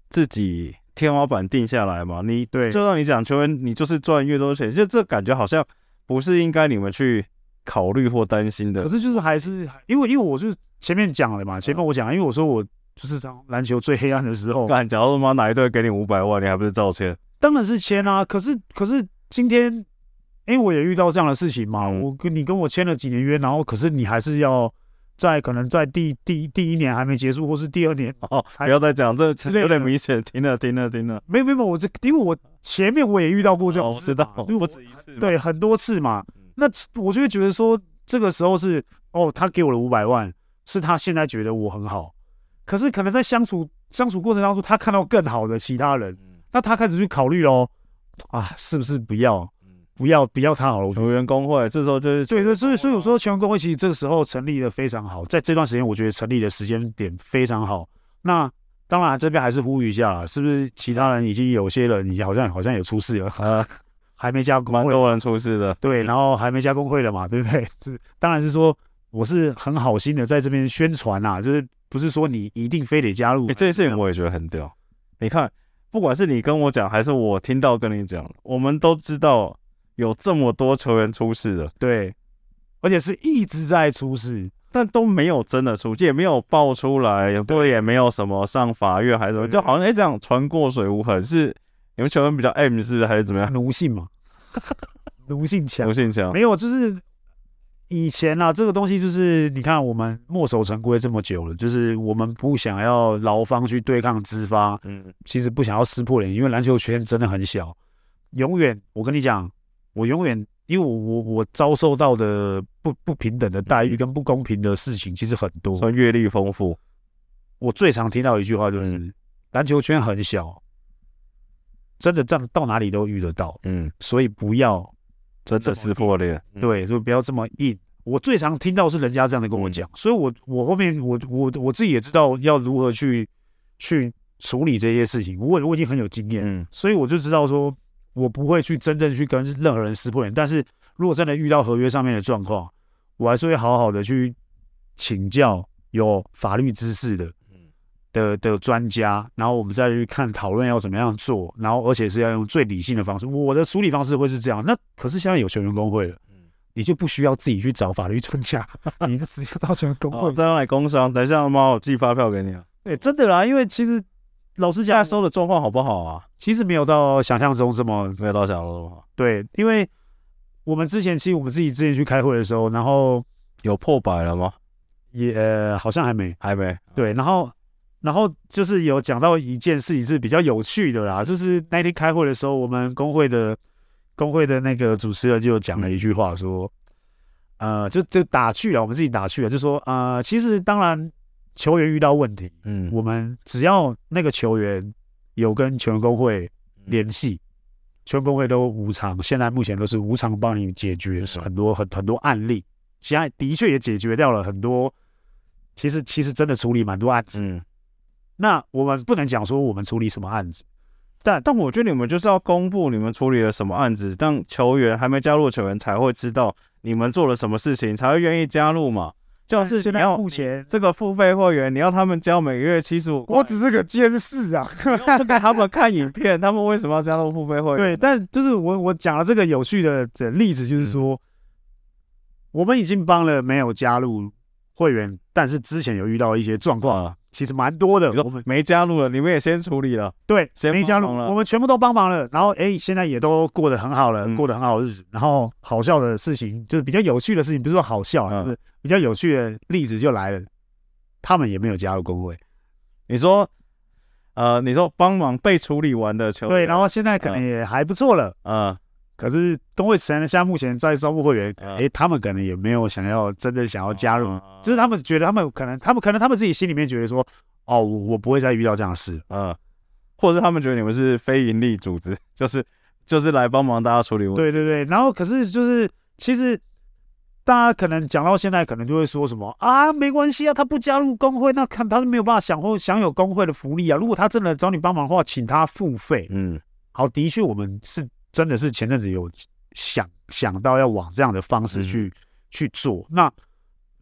自己天花板定下來嘛。你對，就像你講對球員，你就是賺越多錢，就這感覺好像不是應該你們去。考慮或擔心的。可是就是還是還因為因為我是前面講的嘛，前面我講，因為我說我就是當籃球最黑暗的時候，假如他媽哪一隊給你五百萬，你還不是照簽？當然是簽啦，可是可是今天，因為我也遇到這樣的事情嘛，我跟你跟我簽了幾年約，然後可是你還是要在可能在第第第，第一年還沒結束，或是第二年、哦，不要再講這，有點明顯，停了停了停了，聽了聽了沒有沒有，我這因為我前面我也遇到過這種，哦、我知道，不止一次對我只還對很多次嘛。那我就會覺得說，這個時候是哦，他給我的五百萬是他現在覺得我很好，可是可能在相處相處過程當中，他看到更好的其他人，那他開始去考慮咯。啊，是不是不要，不要不要他好了？我覺得全員工會這時候就是，所以所以所以我說全員工會其實這個時候成立的非常好，在這段時間我覺得成立的時間點非常好。那當然這邊還是呼籲一下，是不是其他人已經有些人，已經好像好像有出事了？ 還沒加工會，蠻多人出事的，對，然後還沒加工會的嘛，對不對？是，當然是說，我是很好心的在這邊宣傳啊。就是不是說你一定非得加入、欸欸。這件事情我也覺得很屌，你看，不管是你跟我講，還是我聽到跟你講，我們都知道有這麼多球員出事的，對，而且是一直在出事，但都沒有真的出，也沒有爆出來，不，對，也沒有什麼上法院還是什麼，嗯、就好像哎、欸、這樣船過水無痕是。有們球員比較 M 是不是？還是怎麼樣？奴性嘛，奴性強，奴 性強強。沒有，就是以前啊，這個東西就是你看，我們墨守成規這麼久了，就是我們不想要勞方去對抗資方。嗯，其實不想要撕破臉，因為籃球圈真的很小。永遠，我跟你講，我永遠因為我我我遭受到的不不平等的待遇跟不公平的事情其實很多。所以閱歷豐富，我最常聽到一句話就是：嗯、籃球圈很小。真的這樣到哪裡都遇得到，嗯，所以不要真的撕破臉，對，就、嗯、不要這麼硬。我最常聽到是人家這樣子跟我講，嗯、所以我我後面我我我自己也知道要如何去去處理這些事情，我我已經很有經驗，嗯，所以我就知道說我不會去真正去跟任何人撕破臉，但是如果真的遇到合約上面的狀況，我還是會好好的去請教有法律知識的。的的專家，然後我們再去看討論要怎麼樣做，然後而且是要用最理性的方式。我的處理方式會是這樣。那可是現在有球員工會了，嗯、你就不需要自己去找法律專家， 你就直接到球員工會，再讓你工傷。等一下，媽，我自己發票給你啊。哎、欸，真的啦，因為其實老師家收的狀況好不好啊？其實沒有到想象中這麼沒有到想象中好。對，因為我們之前其實我們自己之前去開會的時候，然後有破百了嗎？也、呃、好像還沒，還沒。嗯、對，然後。然後就是有講到一件事情是比較有趣的啦，就是那天開會的時候，我們工會的工會的那個主持人就講了一句話，說，嗯、呃，就就打趣了，我們自己打趣了，就說，呃，其實當然球員遇到問題，嗯，我們只要那個球員有跟球員工會聯繫，嗯、球員工會都無償，現在目前都是無償幫你解決、嗯、很多很很多案例，其他的確也解決掉了很多，其實其實真的處理蠻多案子。嗯那我們不能講說我們處理什麼案子，但但我覺得你們就是要公布你們處理了什麼案子，讓球員還沒加入球員才會知道你們做了什麼事情，才會願意加入嘛。但就是你要現在目前這個付費會員，你要他們交每個月七十五，我只是個監視啊，他們看影片，他們為什麼要加入付費會員？對，但就是我我講了這個有趣的例子，就是說、嗯、我們已經幫了沒有加入會員，但是之前有遇到一些狀況啊。其實蠻多的，我們沒加入了，我你們也先處理了，對，誰沒加入，我們全部都幫忙了，然後哎、欸，現在也都過得很好了，嗯、過得很好的日子，然後好笑的事情就是比較有趣的事情，不是說好笑、啊，就、嗯、是，是比較有趣的例子就來了，他們也沒有加入工會、欸，你說，呃，你說幫忙被處理完的球，對，然後現在可能也還不錯了，嗯，嗯。可是工會現在目前在招募會員，哎、欸，他們可能也沒有想要真的想要加入，嗯、就是他們覺得他們可能，他們可能他們自己心裡面覺得說，哦，我我不會再遇到這樣的事，嗯，或者是他們覺得你們是非盈利組織，就是就是來幫忙大家處理問題。對對對，然後可是就是其實大家可能講到現在，可能就會說什麼啊，沒關係啊，他不加入工會，那看他是沒有辦法享獲享有工會的福利啊。如果他真的找你幫忙的話，請他付費。嗯，好，的確我們是。真的是前陣子有想想到要往這樣的方式去、嗯、去做，那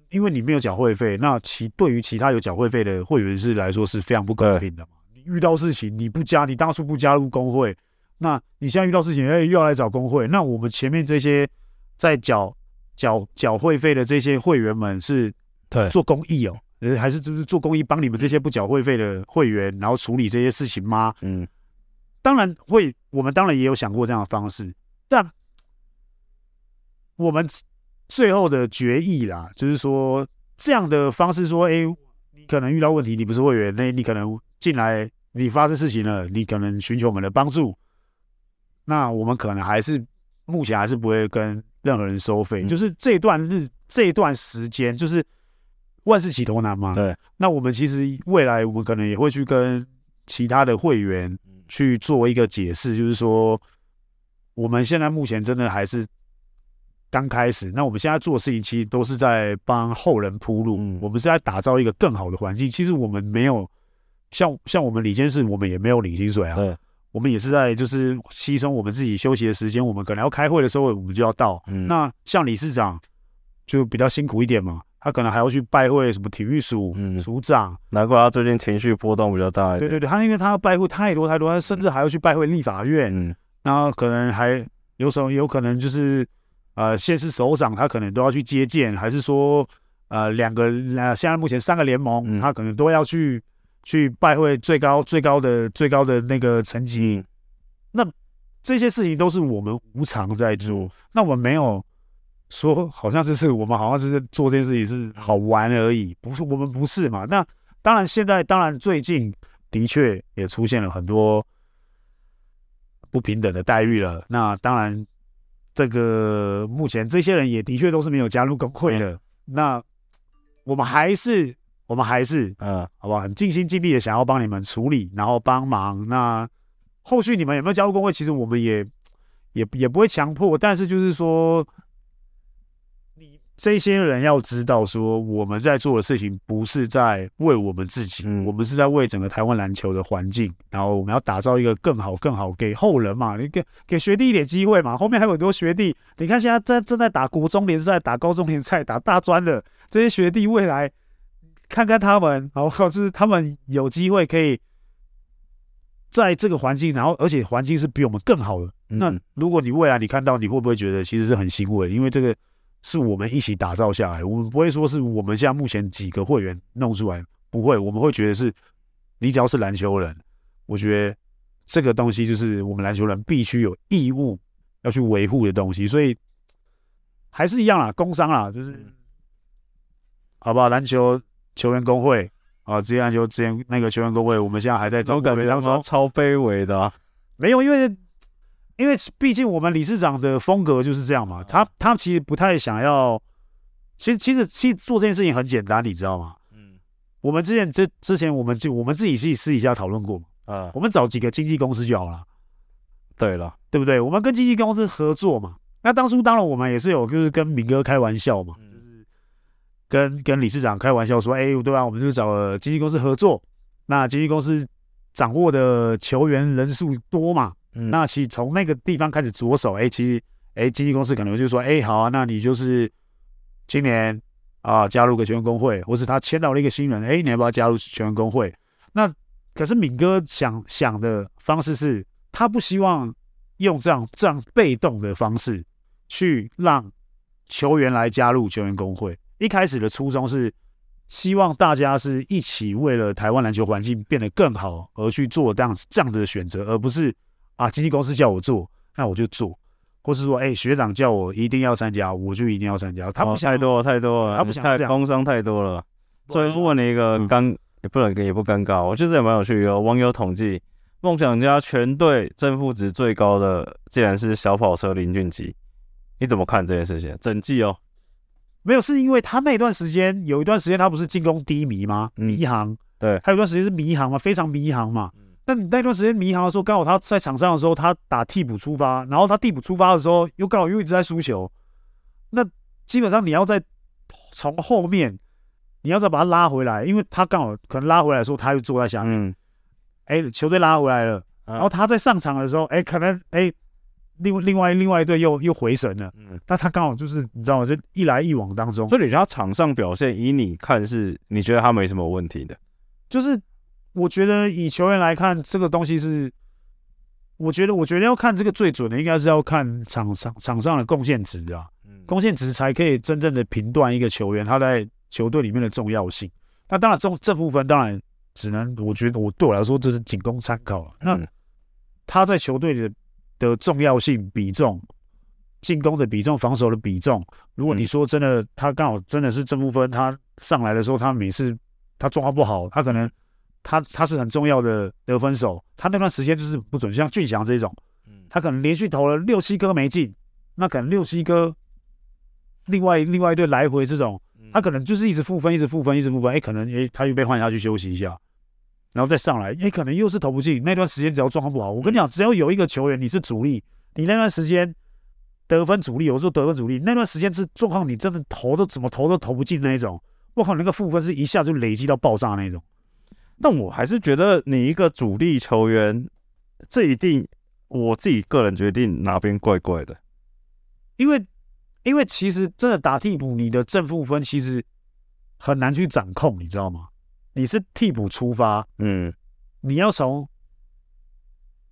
因為你沒有繳會費，那其對於其他有繳會費的會員是來說是非常不公平的嘛。對你遇到事情你不加，你當初不加入工會，那你現在遇到事情，哎、欸，又要來找工會，那我們前面這些在繳繳繳會費的這些會員們是做公益哦、喔，對還是就是做公益幫你們這些不繳會費的會員，然後處理這些事情嗎？嗯。當然會，我們當然也有想過這樣的方式，但我們最後的決議啦，就是說這樣的方式說，說哎，你可能遇到問題，你不是會員，那你可能進來，你發生事情了，你可能尋求我們的幫助，那我們可能還是目前還是不會跟任何人收費，嗯、就是這段日這段時間，就是萬事起頭難嘛，對，那我們其實未來我們可能也會去跟其他的會員。去做一個解釋，就是說，我們現在目前真的還是剛開始。那我們現在做事情，其實都是在幫後人鋪路。嗯、我們是在打造一個更好的環境。其實我們沒有像像我們理監事，我們也沒有領薪水啊。對我們也是在就是犧牲我們自己休息的時間。我們可能要開會的時候，我們就要到。嗯、那像理事長就比較辛苦一點嘛。他可能還要去拜會什麼體育署、嗯、署長，難怪他最近情緒波動比較大。對對對，他因為他要拜會太多太多，他甚至還要去拜會立法院。嗯，然後可能還有時候有可能就是，呃，縣市首長，他可能都要去接見，還是說，呃，兩個，呃，現在目前三個聯盟，嗯、他可能都要去去拜會最高最高的最高的那個層級。嗯、那這些事情都是我們無償在做，那我們沒有。說好像就是我們好像是在做這件事情是好玩而已，不是，我們不是嘛？那當然，現在當然最近的確也出現了很多不平等的待遇了。那當然，這個目前這些人也的確都是沒有加入工會的。嗯、那我們還是我們還是嗯，好不好？很盡心盡力的想要幫你們處理，然後幫忙。那後續你們有沒有加入工會？其實我們也也也不會強迫，但是就是說。這些人要知道，說我們在做的事情不是在為我們自己，嗯、我們是在為整個台灣籃球的環境。然後我們要打造一個更好、更好給後人嘛，你給給學弟一點機會嘛。後面還有很多學弟，你看現在在正在打國中聯賽、打高中聯賽、打大專的這些學弟，未來看看他們，然後就是他們有機會可以在這個環境，然後而且環境是比我們更好的。嗯、那如果你未來你看到，你會不會覺得其實是很欣慰？因為這個。是我們一起打造下來，我們不會說是我們現在目前幾個會員弄出來，不會，我們會覺得是，你只要是籃球人，我覺得這個東西就是我們籃球人必須有義務要去維護的東西，所以還是一樣啦，工商啦，就是，好不好，籃球球員工會啊，職業籃球職業那個球員工會，我們現在還在找，我感覺當中找超卑微的、啊，沒有，因為。因為畢竟我們理事長的風格就是這樣嘛，他他其實不太想要，其實其實其實做這件事情很簡單，你知道嗎？嗯，我們之前之之前我們就我們自己去私底下討論過嘛，啊，我們找幾個經紀公司就好了，對了，對不對？我們跟經紀公司合作嘛。那當初當然我們也是有就是跟明哥開玩笑嘛，嗯，就是跟跟理事長開玩笑說，哎，對吧？我們就找經紀公司合作，那經紀公司掌握的球員人數多嘛。那其實從那個地方開始着手，哎、欸，其實，哎、欸，經紀公司可能就說，哎、欸，好啊，那你就是今年啊加入個球員工會，或是他簽到了一個新人，哎、欸，你要不要加入球員工會？那可是敏哥想想的方式是，他不希望用這樣這樣被動的方式去讓球員來加入球員工會。一開始的初衷是希望大家是一起為了台灣籃球環境變得更好而去做這樣這樣子的選擇，而不是。啊，經紀公司叫我做，那我就做；或是說，哎、欸，學長叫我一定要參加，我就一定要參加。他不想太多、哦、太多了，多了他不想太工商太多了。了所以說問你一個剛、嗯、也不能也不尷尬，我就得也蠻有趣、哦。有網友統計，夢想家全隊正負值最高的，竟然是小跑車林俊吉。你怎麼看這件事情？整季哦，沒有，是因為他那段時間有一段時間他不是進攻低迷嗎？迷航，嗯、對，他有一段時間是迷航嘛，非常迷航嘛。那你那段時間迷航的時候，剛好他在場上的時候，他打替補出發，然後他替補出發的時候，又剛好又一直在輸球。那基本上你要在從後面，你要再把他拉回來，因為他剛好可能拉回來的時候，他又坐在下面。嗯。哎，球隊拉回來了，然後他在上場的時候，哎，可能哎，另外另外另外一隊又又回神了。嗯。那他剛好就是你知道嗎？就一來一往當中，嗯，所以你知道場上表現，以你看是，你覺得他沒什麼問題的，就是。我覺得以球員來看，這個東西是，我覺得，我覺得要看這個最準的，應該是要看場上場上的貢獻值啊，貢獻值才可以真正的評斷一個球員他在球隊裡面的重要性。那當然，這這部分當然只能我覺得我對我來說這是僅供參考了啊。那他在球隊裡的的重要性比重，進攻的比重，防守的比重，如果你說真的，他剛好真的是這部分他上來的時候，他每次他狀況不好，他可能他他是很重要的得分手，他那段時間就是不準，像俊翔這種，他可能連續投了六七個沒進，那可能六七個另，另外另外一隊來回這種，他可能就是一直負分，一直負分，一直負分，哎，可能哎，他又被換下去休息一下，然後再上來，哎，可能又是投不進。那段時間只要狀況不好，我跟你講，只要有一個球員你是主力，你那段時間得分主力，有時候得分主力那段時間是狀況，你真的投都怎麼投都投不進那一種，我靠，那個負分是一下就累積到爆炸那一種。但我還是覺得你一個主力球員，這一定我自己個人決定哪邊怪怪的，因為因為其實真的打替補，你的正負分其實很難去掌控，你知道嗎？你是替補出發，嗯，你要從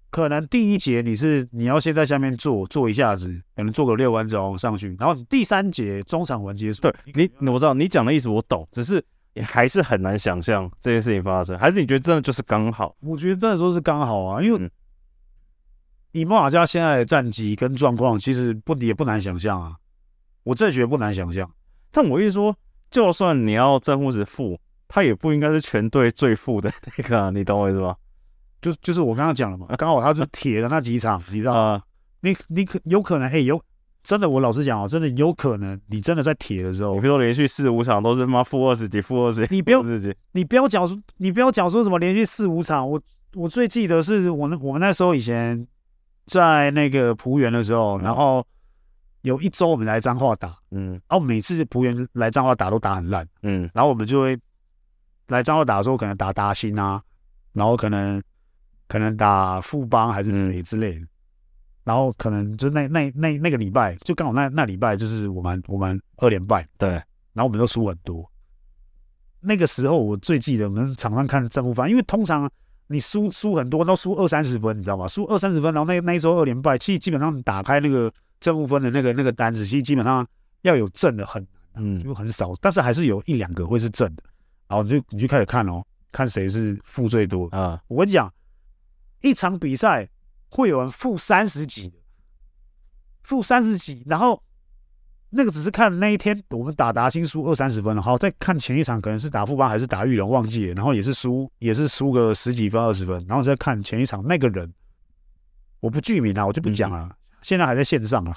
可能第一節你是你要先在下面坐坐一下子，可能坐個六分鐘上去，然後第三節中場環節，對你，你我知道你講的意思我懂，只是。也還是很難想象這件事情發生，還是你覺得真的就是剛好？我覺得真的說是剛好啊，因為，以夢想家現在的戰績跟狀況其實不也不難想象啊，我真的覺得不難想象。但我一說，就算你要正或者負，他也不應該是全隊最負的那個、啊，你懂我意思嗎？吧就就是我剛剛講了嘛，剛好他就鐵的那幾場， 你知道嗎？呃、你你可有可能嘿，有。真的，我老實講哦，真的有可能你真的在鐵的時候，你比如說連續四五場都是他媽負二十幾、負二十，你不要，你不要講， 你不要講說什麼連續四五場。我我最記得是我那我們那時候以前在那個璞園的時候，嗯、然後有一周我們來彰化打，嗯，然後、啊、每次璞園來彰化打都打很爛，嗯，然後我們就會來彰化打的時候可能打達欣啊，然後可能可能打富邦還是誰之類的。嗯然後可能就那那那那個禮拜，就剛好那那禮拜就是我們我們二連敗，對。然後我們都輸很多。那個時候我最記得，我們場上看的正負分，因為通常你輸輸很多，都輸二三十分，你知道吧？輸二三十分，然後那那一周二連敗，其實基本上打開那個正負分的那個那個單子，其實基本上要有正的很嗯，就很少。嗯、但是還是有一兩個會是正的，然後就你就你就開始看哦，看誰是負最多啊。嗯、我跟你講，一場比賽。會有人負三十幾，負三十幾，然後那個只是看那一天我們打達欣輸二三十分，好，再看前一場可能是打富邦還是打裕隆忘記了，然後也是輸，也是輸個十幾分二十分，然後再看前一場那個人，我不具名啊，我就不講了、啊。嗯、現在還在線上啊，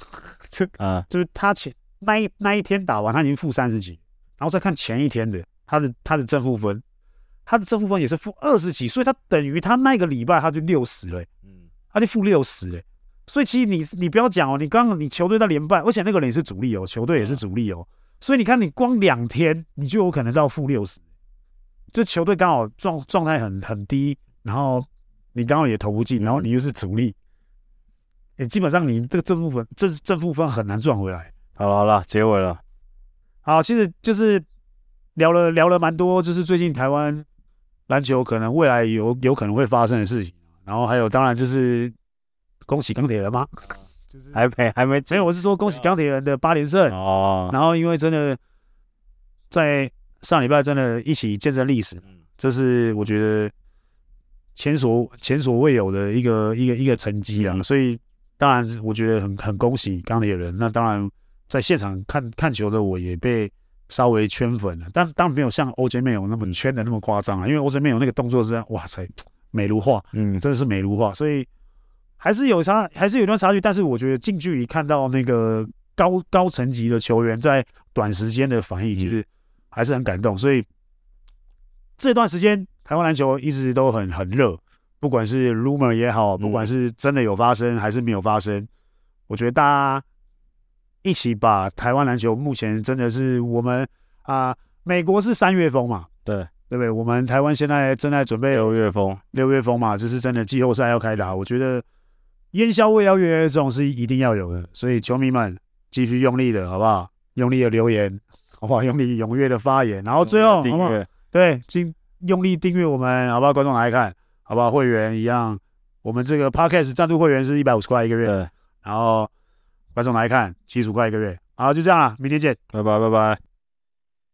這啊就，就是他前那一那一天打完他已經負三十幾，然後再看前一天的他的他的正負分，他的正負分也是負二十幾，所以他等於他那個禮拜他就六十了。他就負六十哎，啊欸、所以其實你你不要講哦，你剛剛你球隊在連敗，而且那個人也是主力哦、喔，球隊也是主力哦、喔，所以你看你光兩天你就有可能到負六十，這球隊剛好狀狀態很很低，然後你剛好也投不進，然後你又是主力、嗯，也、欸、基本上你這個正負分正正負分很難賺回來好啦。好了好了，結尾了。好，其實就是聊了聊了蠻多，就是最近台灣籃球可能未來有有可能會發生的事情。然後還有，當然就是恭喜鋼鐵人嗎？就是還沒還沒，所以我是說恭喜鋼鐵人的八連勝哦，哦，哦，哦。然後因為真的在上禮拜真的一起見證歷史，這是我覺得前所前所未有的一個一個一個成績了。嗯、所以當然我覺得很很恭喜鋼鐵人。那當然在現場看看球的我也被稍微圈粉了，但當然沒有像 OJ Mayo 那麼圈的那麼誇張啊，因為 OJ Mayo 那個動作是哇塞。美如畫，嗯，真的是美如畫，所以還是有差，還是有一段差距。但是我覺得近距離看到那個高高層級的球員在短時間的反應，其實還是很感動。嗯、所以這段時間台灣籃球一直都很很熱，不管是 rumor 也好，不管是真的有發生還是沒有發生，嗯、我覺得大家一起把台灣籃球目前真的是我們啊、呃，美國是三月瘋嘛，對。對不對？我們台灣現在正在準備六月瘋，六月瘋嘛，就是真的季後賽要開打。我覺得煙硝味要越來越重是一定要有的，所以球迷們繼續用力的好不好？用力的留言好不好？用力踴躍的發言，然後最後訂閱好不好？對，請，用力訂閱我們好不好？觀眾來看好不好？會員一樣，我們這個 podcast 贊助會員是一百五十塊一個月，對然後觀眾來看七十五塊一個月，好，就這樣了，明天見，拜拜，拜拜。